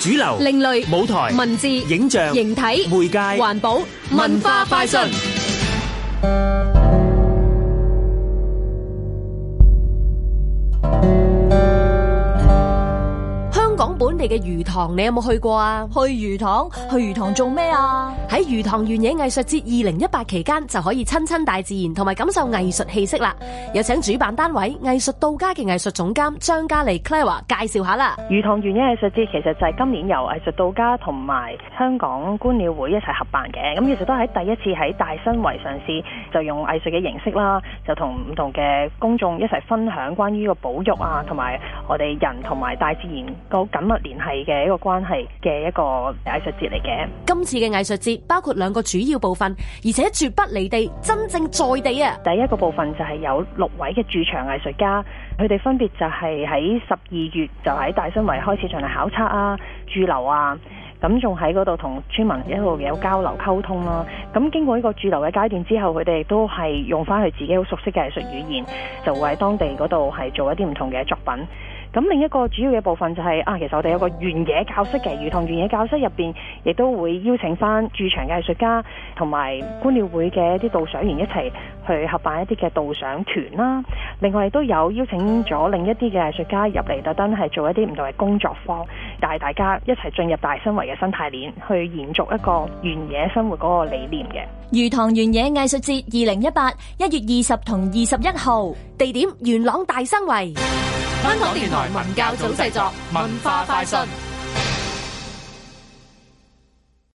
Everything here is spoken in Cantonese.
主流、另類、舞台、文字、影像、形體、媒介、環保、文化、快訊。講本地嘅魚塘，你有冇去過啊？去魚塘，去魚塘做咩啊？喺魚塘原野藝術節二零一八期間，就可以親親大自然同埋感受藝術氣息啦。有請主辦單位藝術到家嘅藝術總監張嘉莉 Clara 介紹一下啦。魚塘原野藝術節其實就係今年由藝術到家同埋香港觀鳥會一齊合辦嘅，咁其實都喺第一次喺大新圍嘗試，就用藝術嘅形式啦，就同唔同嘅公眾一齊分享關於個保育啊，同埋我哋人同埋大自然緊密聯繫嘅一個關係嘅一個藝術節嚟嘅。今次嘅藝術節包括兩個主要部分，而且絕不離地，真正在地啊！第一個部分就係有六位嘅駐場藝術家，佢哋分別就係喺十二月就喺大新圍開始上嚟考察啊、駐留啊，咁仲喺嗰度同村民一路有交流溝通啦、啊。咁經過一個駐留嘅階段之後，佢哋都係用翻佢自己好熟悉嘅藝術語言，就會喺當地嗰度係做一啲唔同嘅作品。咁另一個主要嘅部分就係啊，其實我哋有個原野教室嘅魚塘原野教室入邊，亦都會邀請翻駐場嘅藝術家同埋觀鳥會嘅一啲導賞員一齊去合辦一啲嘅導賞團啦。另外亦都有邀請咗另一啲嘅藝術家入嚟，特登係做一啲唔同嘅工作坊，帶大家一齊進入大生圍嘅生態鏈，去延續一個原野生活嗰個理念嘅魚塘原野藝術節二零一八一月二十同二十一號，地點元朗大生圍。香港電台文教組製作《文化快訊》。